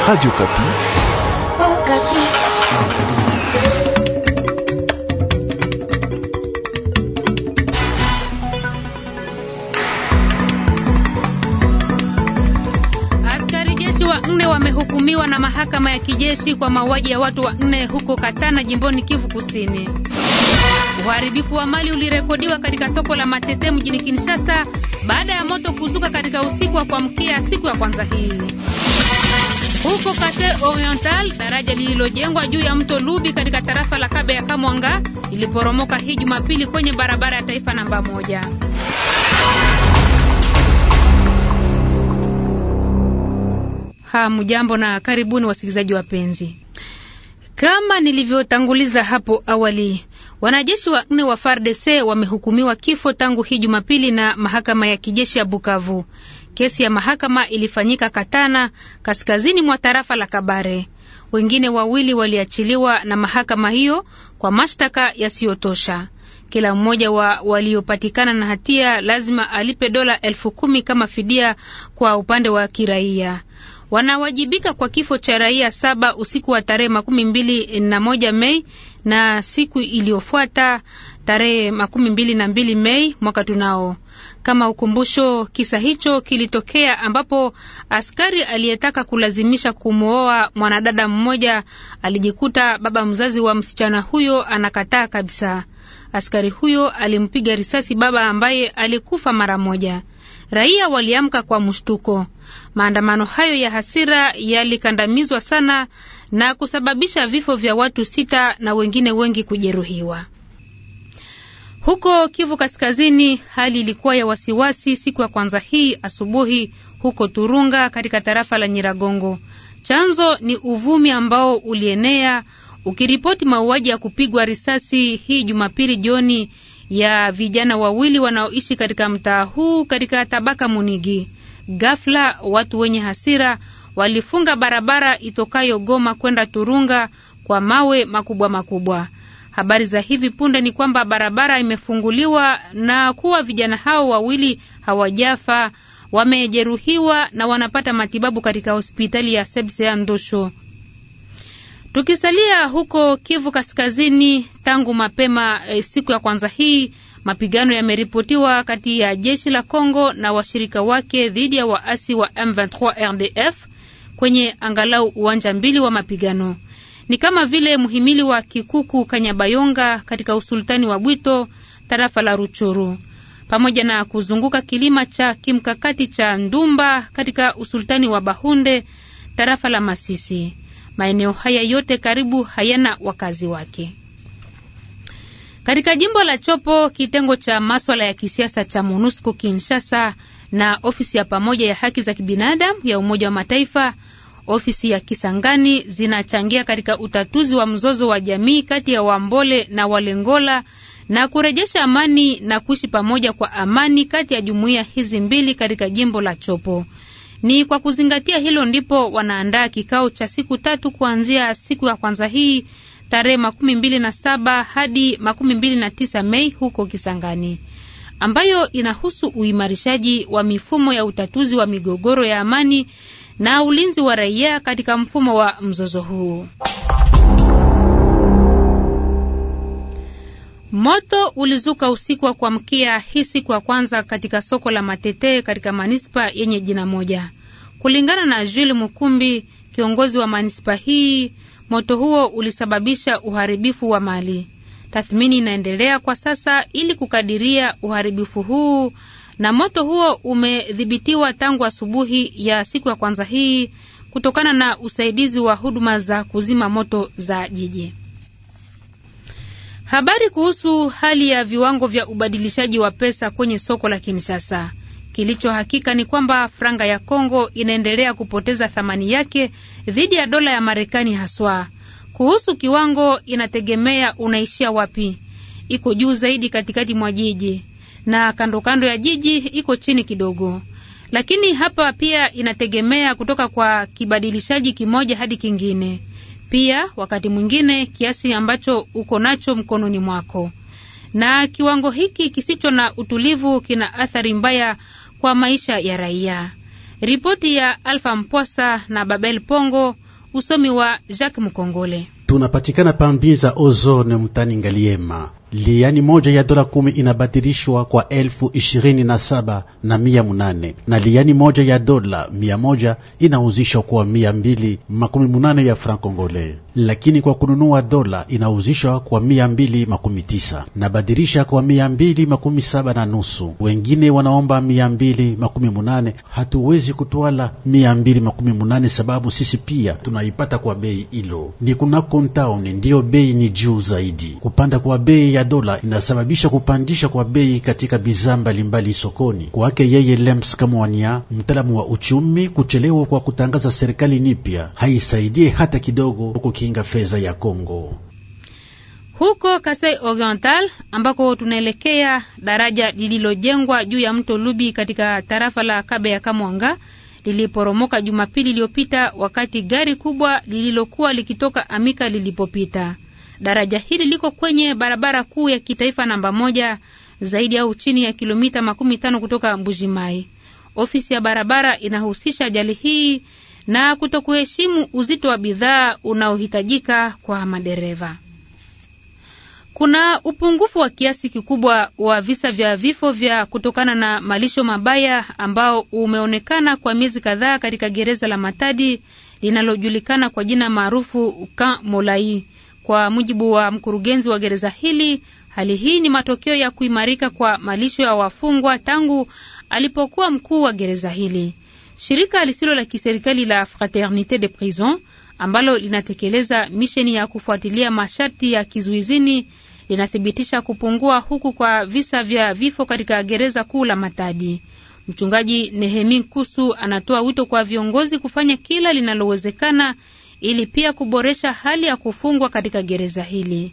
Radio Kapi. Oh, Kapi. Askari jeshi wa nne wamehukumiwa na mahakama ya kijeshi kwa mauaji ya watu wa nne huko Katana jimboni Kivu Kusini. Uharibifu wa mali ulirekodiwa katika soko la Matete mjini Kinshasa baada ya moto kuzuka katika usiku wa kuamkia siku ya kwanza hii. Huko Kase Oriental, daraja lililojengwa juu ya mto Lubi katika tarafa la Kabe ya Kamwanga iliporomoka hii Jumapili kwenye barabara ya taifa namba moja. Hamjambo na karibuni wasikilizaji wapenzi. Kama nilivyotanguliza hapo awali, Wanajeshi wanne wa FARDC wamehukumiwa kifo tangu hii Jumapili na mahakama ya kijeshi ya Bukavu. Kesi ya mahakama ilifanyika Katana, kaskazini mwa tarafa la Kabare. Wengine wawili waliachiliwa na mahakama hiyo kwa mashtaka yasiyotosha. Kila mmoja wa waliopatikana na hatia lazima alipe dola elfu kumi kama fidia kwa upande wa kiraia wanawajibika kwa kifo cha raia saba usiku wa tarehe makumi mbili na moja Mei na siku iliyofuata tarehe makumi mbili na mbili Mei mwaka tunao. Kama ukumbusho, kisa hicho kilitokea ambapo askari aliyetaka kulazimisha kumwoa mwanadada mmoja alijikuta baba mzazi wa msichana huyo anakataa kabisa. Askari huyo alimpiga risasi baba ambaye alikufa mara moja raia waliamka kwa mshtuko. Maandamano hayo ya hasira yalikandamizwa sana na kusababisha vifo vya watu sita na wengine wengi kujeruhiwa. Huko Kivu Kaskazini, hali ilikuwa ya wasiwasi siku ya kwanza hii asubuhi huko Turunga katika tarafa la Nyiragongo. Chanzo ni uvumi ambao ulienea ukiripoti mauaji ya kupigwa risasi hii Jumapili jioni ya vijana wawili wanaoishi katika mtaa huu katika tabaka Munigi. Ghafla watu wenye hasira walifunga barabara itokayo Goma kwenda Turunga kwa mawe makubwa makubwa. Habari za hivi punde ni kwamba barabara imefunguliwa na kuwa vijana hao wawili hawajafa, wamejeruhiwa na wanapata matibabu katika hospitali ya Sebse ya Ndosho. Tukisalia huko Kivu Kaskazini, tangu mapema e, siku ya kwanza hii mapigano yameripotiwa kati ya jeshi la Kongo na washirika wake dhidi ya waasi wa M23 RDF kwenye angalau uwanja mbili wa mapigano, ni kama vile mhimili wa Kikuku Kanyabayonga katika usultani wa Bwito, tarafa la Ruchuru, pamoja na kuzunguka kilima cha kimkakati cha Ndumba katika usultani wa Bahunde, tarafa la Masisi. Maeneo haya yote karibu hayana wakazi wake. Katika jimbo la Chopo, kitengo cha maswala ya kisiasa cha MONUSCO Kinshasa na ofisi ya pamoja ya haki za kibinadamu ya Umoja wa Mataifa, ofisi ya Kisangani zinachangia katika utatuzi wa mzozo wa jamii kati ya Wambole na Walengola na kurejesha amani na kuishi pamoja kwa amani kati ya jumuiya hizi mbili katika jimbo la Chopo. Ni kwa kuzingatia hilo ndipo wanaandaa kikao cha siku tatu kuanzia siku ya kwanza hii tarehe makumi mbili na saba hadi makumi mbili na tisa Mei huko Kisangani, ambayo inahusu uimarishaji wa mifumo ya utatuzi wa migogoro ya amani na ulinzi wa raia katika mfumo wa mzozo huu. Moto ulizuka usiku wa kuamkia hii siku ya kwanza katika soko la Matetee katika manispa yenye jina moja. Kulingana na Jules Mukumbi, kiongozi wa manispa hii, moto huo ulisababisha uharibifu wa mali. Tathmini inaendelea kwa sasa ili kukadiria uharibifu huu, na moto huo umedhibitiwa tangu asubuhi ya siku ya kwanza hii kutokana na usaidizi wa huduma za kuzima moto za jiji. Habari kuhusu hali ya viwango vya ubadilishaji wa pesa kwenye soko la Kinshasa. Kilicho hakika ni kwamba franga ya Kongo inaendelea kupoteza thamani yake dhidi ya dola ya Marekani haswa. Kuhusu kiwango, inategemea unaishia wapi. Iko juu zaidi katikati mwa jiji na kando kando ya jiji iko chini kidogo, lakini hapa pia inategemea kutoka kwa kibadilishaji kimoja hadi kingine pia wakati mwingine kiasi ambacho uko nacho mkononi mwako. Na kiwango hiki kisicho na utulivu kina athari mbaya kwa maisha ya raia. Ripoti ya Alfa Mpwasa na Babel Pongo, usomi wa Jacques Mkongole. Tunapatikana za ozone mtani Ngaliema liani moja ya dola kumi inabadirishwa kwa elfu ishirini na saba na mia munane na liani moja ya dola mia moja inauzishwa kwa mia mbili makumi munane ya franc congolais lakini kwa kununua dola inauzishwa kwa mia mbili makumi tisa na badirisha kwa mia mbili makumi saba na nusu wengine wanaomba mia mbili makumi munane Hatuwezi kutwala mia mbili makumi munane sababu sisi pia tunaipata kwa bei ilo, ni kunako kontaun ndiyo bei ni juu zaidi. Kupanda kwa bei ya dola inasababisha kupandisha kwa bei katika bidhaa mbalimbali sokoni. Kwake yeye Lems Kamwania, mtaalamu wa uchumi, kuchelewa kwa kutangaza serikali nipya haisaidie hata kidogo huko kupinga fedha ya Kongo. Huko Kasai Oriental ambako tunaelekea, daraja lililojengwa juu ya mto Lubi katika tarafa la Kabe ya Kamwanga liliporomoka Jumapili iliyopita wakati gari kubwa lililokuwa likitoka Amika lilipopita. Daraja hili liko kwenye barabara kuu ya kitaifa namba moja, zaidi au chini ya kilomita makumi tano kutoka Mbujimai. Ofisi ya barabara inahusisha ajali hii na kutokuheshimu uzito wa bidhaa unaohitajika kwa madereva. Kuna upungufu wa kiasi kikubwa wa visa vya vifo vya kutokana na malisho mabaya ambao umeonekana kwa miezi kadhaa katika gereza la Matadi linalojulikana kwa jina maarufu Camp Molai. Kwa mujibu wa mkurugenzi wa gereza hili, hali hii ni matokeo ya kuimarika kwa malisho ya wafungwa tangu alipokuwa mkuu wa gereza hili. Shirika lisilo la kiserikali la Fraternite de Prison ambalo linatekeleza misheni ya kufuatilia masharti ya kizuizini linathibitisha kupungua huku kwa visa vya vifo katika gereza kuu la Matadi. Mchungaji Nehemi Kusu anatoa wito kwa viongozi kufanya kila linalowezekana ili pia kuboresha hali ya kufungwa katika gereza hili.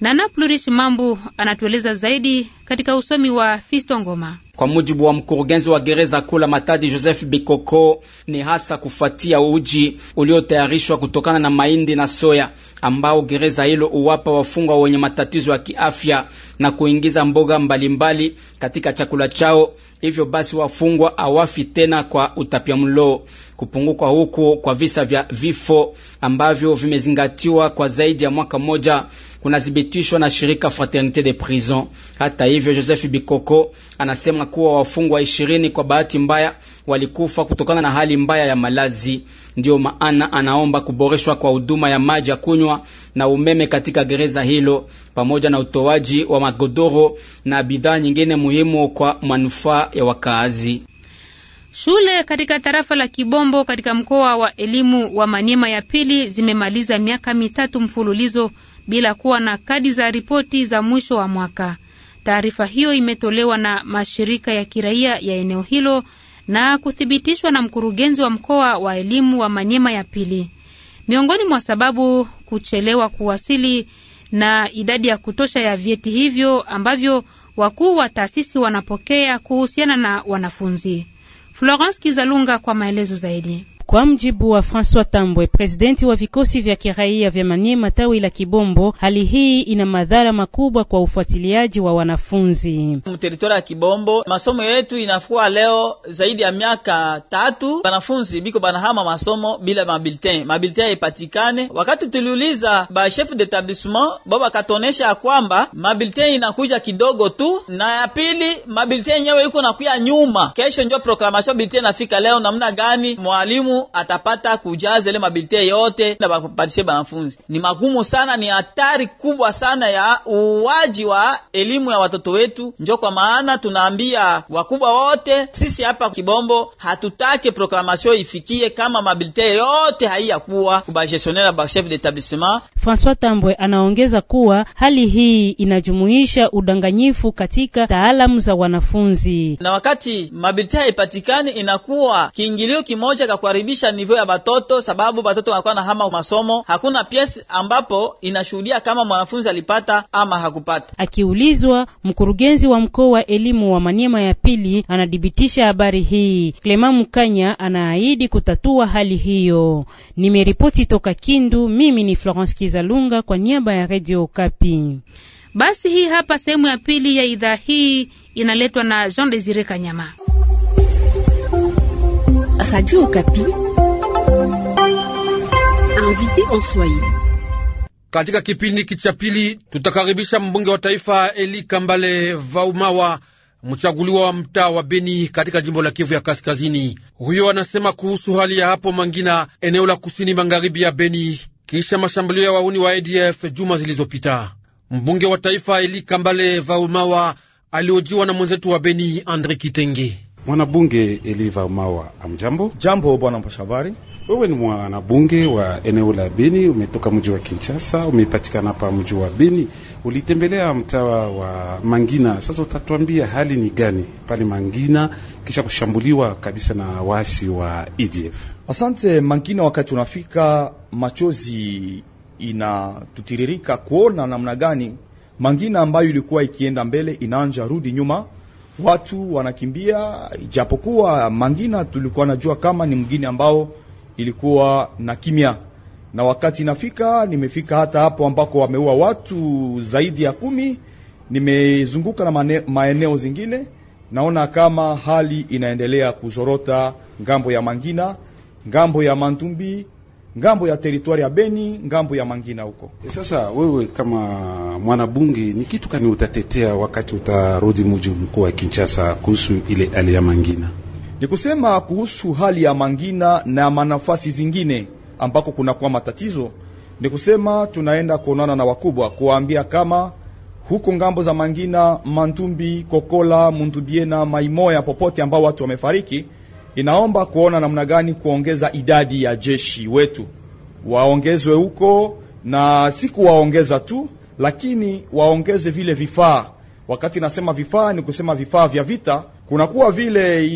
Nana Plurish Mambu anatueleza zaidi katika usomi wa Fisto Ngoma. Kwa mujibu wa mkurugenzi wa gereza kuu la Matadi Joseph Bikoko, ni hasa kufuatia uji uliotayarishwa kutokana na mahindi na soya ambao gereza hilo uwapa wafungwa wenye matatizo ya kiafya na kuingiza mboga mbalimbali mbali katika chakula chao. Hivyo basi wafungwa awafi tena kwa utapiamlo. Kupungukwa huku kwa visa vya vifo ambavyo vimezingatiwa kwa zaidi ya mwaka mmoja kunathibitishwa na shirika Fraternite de Prison. Hata hivyo, Joseph Bikoko anasema kupatikana kuwa wafungwa ishirini kwa bahati mbaya walikufa kutokana na hali mbaya ya malazi. Ndiyo maana anaomba kuboreshwa kwa huduma ya maji ya kunywa na umeme katika gereza hilo, pamoja na utoaji wa magodoro na bidhaa nyingine muhimu kwa manufaa ya wakaazi. Shule katika tarafa la Kibombo katika mkoa wa elimu wa Manyema ya pili zimemaliza miaka mitatu mfululizo bila kuwa na kadi za ripoti za mwisho wa mwaka. Taarifa hiyo imetolewa na mashirika ya kiraia ya eneo hilo na kuthibitishwa na mkurugenzi wa mkoa wa elimu wa Manyema ya pili. Miongoni mwa sababu kuchelewa kuwasili na idadi ya kutosha ya vyeti hivyo ambavyo wakuu wa taasisi wanapokea kuhusiana na wanafunzi. Florence Kizalunga kwa maelezo zaidi. Kwa mjibu wa François Tambwe, presidenti wa vikosi vya kiraia vya Maniema tawi la Kibombo, hali hii ina madhara makubwa kwa ufuatiliaji wa wanafunzi mteritoria ya Kibombo. Masomo yetu inafua leo zaidi ya miaka tatu, wanafunzi biko banahama masomo bila mabiltin, mabiltin ipatikane. Wakati tuliuliza ba chef d'établissement baba katonesha ya kwamba mabiltin inakuja kidogo tu, na ya pili mabiltin yenyewe iko nakuya nyuma. Kesho ndio proclamation biltin nafika leo, namna gani mwalimu atapata kujaza ile mabilite yote na bapatie banafunzi. Ni magumu sana, ni hatari kubwa sana ya uwaji wa elimu ya watoto wetu. Njo kwa maana tunaambia wakubwa wote, sisi hapa Kibombo hatutake proklamasio ifikie kama mabilite yote haiyakuwa kubagestionnaire ba chef d'etablissement. François Tambwe anaongeza kuwa hali hii inajumuisha udanganyifu katika taalamu za wanafunzi, na wakati mabilite haipatikani inakuwa kiingilio kimoja kwa kuharibisha nivyo ya batoto, sababu batoto wanakuwa na hama masomo. Hakuna piesi ambapo inashuhudia kama mwanafunzi alipata ama hakupata. Akiulizwa, mkurugenzi wa mkoa wa elimu wa Maniema ya pili anadhibitisha habari hii. Clement Mukanya anaahidi kutatua hali hiyo. Nimeripoti toka Kindu, mimi ni Florence Kizalunga kwa niaba ya Radio Kapi. Basi hii hapa sehemu ya pili ya idhaa hii inaletwa na Jean Desire Kanyama. Radio Okapi. Katika kipindi hiki cha pili tutakaribisha mbunge wa taifa Eli Kambale Vaumawa, mchaguliwa wa mtaa wa Beni katika jimbo la Kivu ya Kaskazini. Huyo anasema kuhusu hali ya hapo Mangina, eneo la kusini magharibi ya Beni, kisha mashambulio ya wauni wa ADF juma zilizopita. Mbunge wa taifa Eli Kambale Vaumawa aliojiwa na mwenzetu wa Beni Andre Kitenge. Mwanabunge Eliva Mawa, amjambo. Jambo bwana Mpashabari. Wewe ni mwanabunge wa eneo la Beni, umetoka mji wa Kinshasa, umepatikana hapa mji wa Beni, ulitembelea mtaa wa Mangina. Sasa utatuambia hali ni gani pale Mangina kisha kushambuliwa kabisa na waasi wa EDF? Asante. Mangina, wakati unafika, machozi inatutiririka kuona namna gani Mangina ambayo ilikuwa ikienda mbele inaanja rudi nyuma watu wanakimbia, ijapokuwa Mangina tulikuwa najua kama ni mgini ambao ilikuwa na kimya, na wakati nafika, nimefika hata hapo ambako wameua watu zaidi ya kumi. Nimezunguka na maeneo zingine, naona kama hali inaendelea kuzorota ngambo ya Mangina, ngambo ya Mantumbi ngambo ya teritwari ya Beni, ngambo ya Mangina huko. E, sasa wewe kama mwanabunge, ni kitu kani utatetea wakati utarudi mji mkuu wa Kinshasa kuhusu ile hali ya Mangina? Ni kusema kuhusu hali ya Mangina na manafasi zingine ambako kunakuwa matatizo, ni kusema tunaenda kuonana na wakubwa kuwaambia kama huko ngambo za Mangina, Mantumbi, Kokola, Mundubiena, Maimoya, popote ambao watu wamefariki inaomba kuona namna gani kuongeza idadi ya jeshi wetu, waongezwe huko, na si kuwaongeza tu, lakini waongeze vile vifaa. Wakati nasema vifaa, ni kusema vifaa vya vita. Kunakuwa vile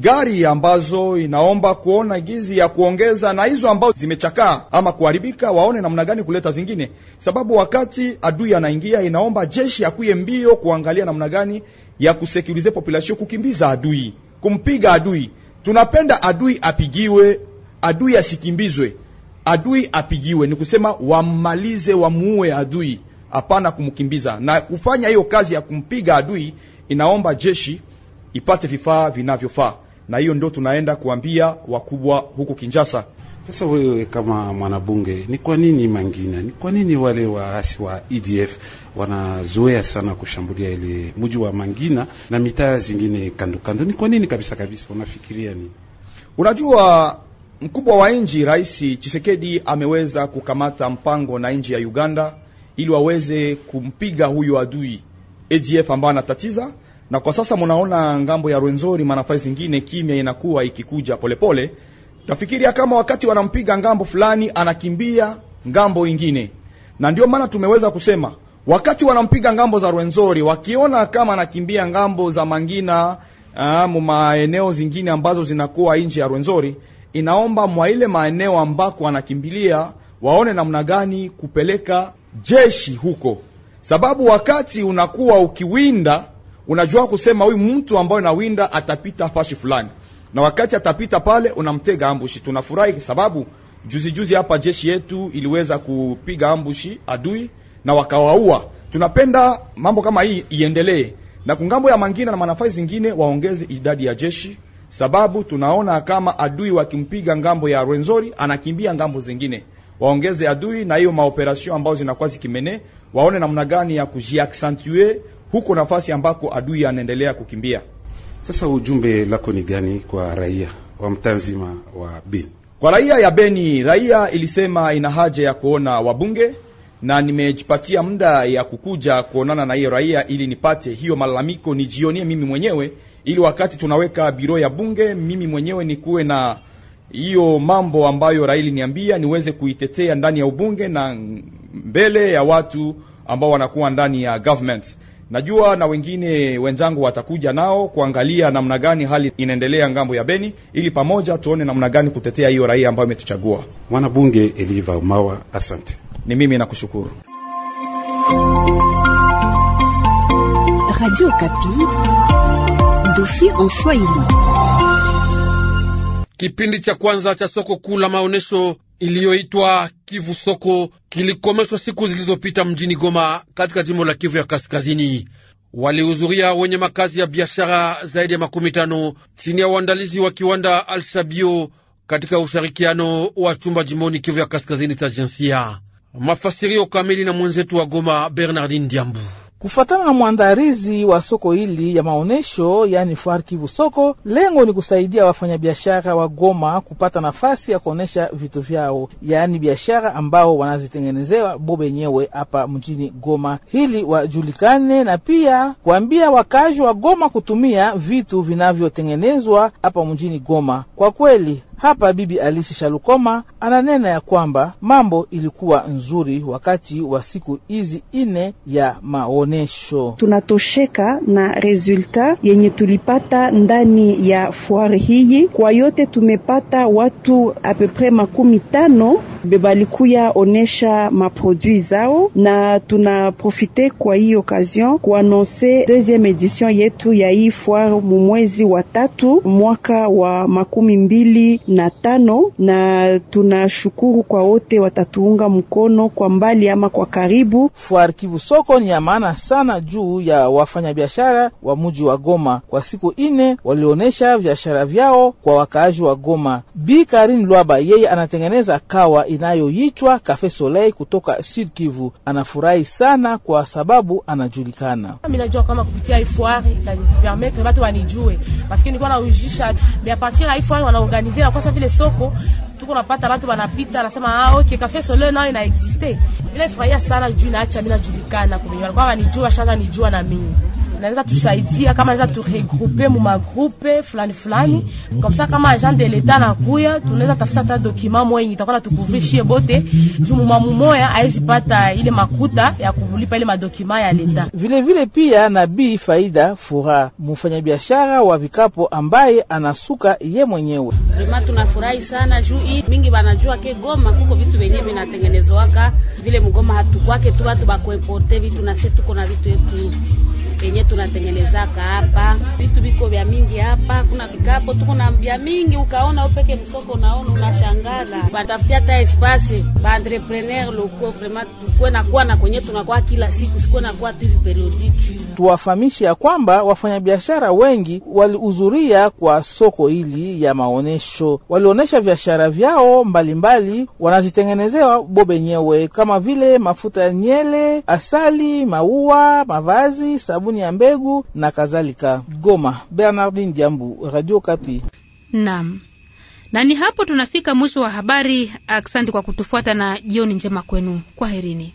gari ambazo inaomba kuona gizi ya kuongeza, na hizo ambazo zimechakaa ama kuharibika, waone namna gani kuleta zingine, sababu wakati adui anaingia, inaomba jeshi akuye mbio kuangalia namna gani ya kusekurize population, kukimbiza adui, kumpiga adui tunapenda adui apigiwe, adui asikimbizwe, adui apigiwe, ni kusema wammalize, wamuue adui, hapana kumkimbiza. Na kufanya hiyo kazi ya kumpiga adui inaomba jeshi ipate vifaa vinavyofaa, na hiyo ndio tunaenda kuambia wakubwa huku Kinshasa. Sasa wewe kama mwanabunge, ni kwa nini Mangina, ni kwa nini wale waasi wa EDF wanazoea sana kushambulia ile mji wa Mangina na mitaa zingine kando kando? Ni kwa nini kabisa kabisa, unafikiria nini? Unajua mkubwa wa nji Rais Chisekedi ameweza kukamata mpango na nji ya Uganda ili waweze kumpiga huyo adui ADF e ambayo anatatiza, na kwa sasa munaona ngambo ya Rwenzori manafasi zingine kimya inakuwa ikikuja polepole pole, Tafikiria kama wakati wanampiga ngambo fulani anakimbia ngambo ingine, na ndio maana tumeweza kusema wakati wanampiga ngambo za Rwenzori, wakiona kama anakimbia ngambo za Mangina ah, mu maeneo zingine ambazo zinakuwa nje ya Rwenzori, inaomba mwa ile maeneo ambako anakimbilia waone namna gani kupeleka jeshi huko, sababu wakati unakuwa ukiwinda, unajua kusema huyu mtu ambaye nawinda atapita fashi fulani na wakati atapita pale unamtega ambushi. Tunafurahi sababu juzi juzi hapa jeshi yetu iliweza kupiga ambushi adui na wakawaua. Tunapenda mambo kama hii iendelee, na kungambo ya mangina na manafasi zingine waongeze idadi ya jeshi, sababu tunaona kama adui wakimpiga ngambo ya Rwenzori anakimbia ngambo zingine. Waongeze adui na hiyo maoperation ambazo zinakuwa zikimene, waone namna gani ya kujiaccentue huko nafasi ambako adui anaendelea kukimbia. Sasa ujumbe lako ni gani kwa raia wa mtaa nzima wa Beni? Kwa raia ya Beni, raia ilisema ina haja ya kuona wabunge na nimejipatia muda ya kukuja kuonana na hiyo raia ili nipate hiyo malalamiko, nijionie mimi mwenyewe, ili wakati tunaweka biro ya bunge, mimi mwenyewe nikuwe na hiyo mambo ambayo raia niambia, niweze kuitetea ndani ya ubunge na mbele ya watu ambao wanakuwa ndani ya government. Najua na wengine wenzangu watakuja nao kuangalia namna gani hali inaendelea ngambo ya Beni, ili pamoja tuone namna gani kutetea hiyo raia ambayo imetuchagua. Mwanabunge Eliva Umawa, asante. Ni mimi nakushukuru. Radio Kapi, dofi en Swahili. Kipindi cha kwanza cha soko kuu la maonyesho iliyoitwa Kivu Soko kilikomeshwa siku zilizopita mjini Goma katika jimbo la Kivu ya Kaskazini. Walihudhuria wenye makazi ya biashara zaidi ya makumi tano chini ya uandalizi wa kiwanda Alshabio katika ushirikiano wa chumba jimboni Kivu ya Kaskazini cha jinsia. Mafasirio kamili na mwenzetu wa Goma, Bernardin Diambu. Kufuatana na mwandarizi wa soko hili ya maonyesho yani Foire Kivu Soko, lengo ni kusaidia wafanyabiashara wa Goma kupata nafasi ya kuonyesha vitu vyao, yaani biashara ambao wanazitengenezewa bobenyewe hapa mjini Goma, hili wajulikane, na pia kuambia wakazi wa Goma kutumia vitu vinavyotengenezwa hapa mjini Goma. Kwa kweli hapa Bibi Alisi Shalukoma ananena ya kwamba mambo ilikuwa nzuri wakati wa siku hizi ine ya maonesho. Tunatosheka na resulta yenye tulipata ndani ya fuari hii, kwa yote tumepata watu apepre makumi tano bebalikuya onesha maprodui zao, na tunaprofite kwa hii occasion kuanonse deuxieme edition yetu ya hii foire mumwezi wa tatu mwaka wa makumi mbili na tano, na tunashukuru kwa wote watatuunga mkono kwa mbali ama kwa karibu. Foire Kivu soko ni ya maana sana juu ya wafanyabiashara wa muji wa Goma. Kwa siku ine walionesha biashara vyao kwa wakaaji wa Goma. Bi Karin Lwaba yeye anatengeneza kawa inayoitwa Cafe Soleil kutoka Sud Kivu. Anafurahi sana kwa sababu anajulikana. Mimi najua kama kupitia ifuari itanipermettre watu wanijue, parce que nilikuwa naujisha mais a partir ya ifuari wanaorganiser na kosa vile soko tuko napata watu wanapita, anasema ah, okay Cafe Soleil nayo ina existe. Mimi nafurahia sana juu naacha mimi najulikana, kwa wanijua shanza nijua na mimi naweza tusaidia kama naweza turegroupe mu magrupe fulani fulani, kamsa kama agent de l'etat kuya, tunaweza tafuta ta document moyo itakuwa natukuvrishie bote juu mamu moya aezi pata ile makuta ya kulipa ile madokima ya leta. Vile vile pia na bi Faida Furaha, mfanyabiashara wa vikapo ambaye anasuka ye mwenyewe. Rima, tunafurahi sana juu hii mingi banajua ke Goma kuko vitu venyewe vinatengenezwaka vile mgoma hatukwake tu batu bakuimporte vitu na sisi tuko na vitu yetu yenye tunatengenezaka hapa. Vitu viko vya mingi hapa, kuna vikapo tuko na vya mingi, ukaona upeke msoko, unaona unashangala, watafutia hata espace ba entrepreneur loko vraiment, tukwe na kuwa na kwenye tunakuwa kila siku, sikuwe na kuwa tv periodiki. Tuwafahamishe ya kwamba wafanyabiashara wengi walihudhuria kwa soko hili ya maonesho, walionesha biashara vyao mbalimbali wanazitengenezewa wanazitengenezewa bobenyewe kama vile mafuta ya nyele, asali, maua, mavazi, sabuni kampuni ya mbegu na kadhalika. Goma, Bernardin Diambu, Radio Kapi. Naam, na ni hapo tunafika mwisho wa habari. Asante kwa kutufuata na jioni njema kwenu, kwaherini.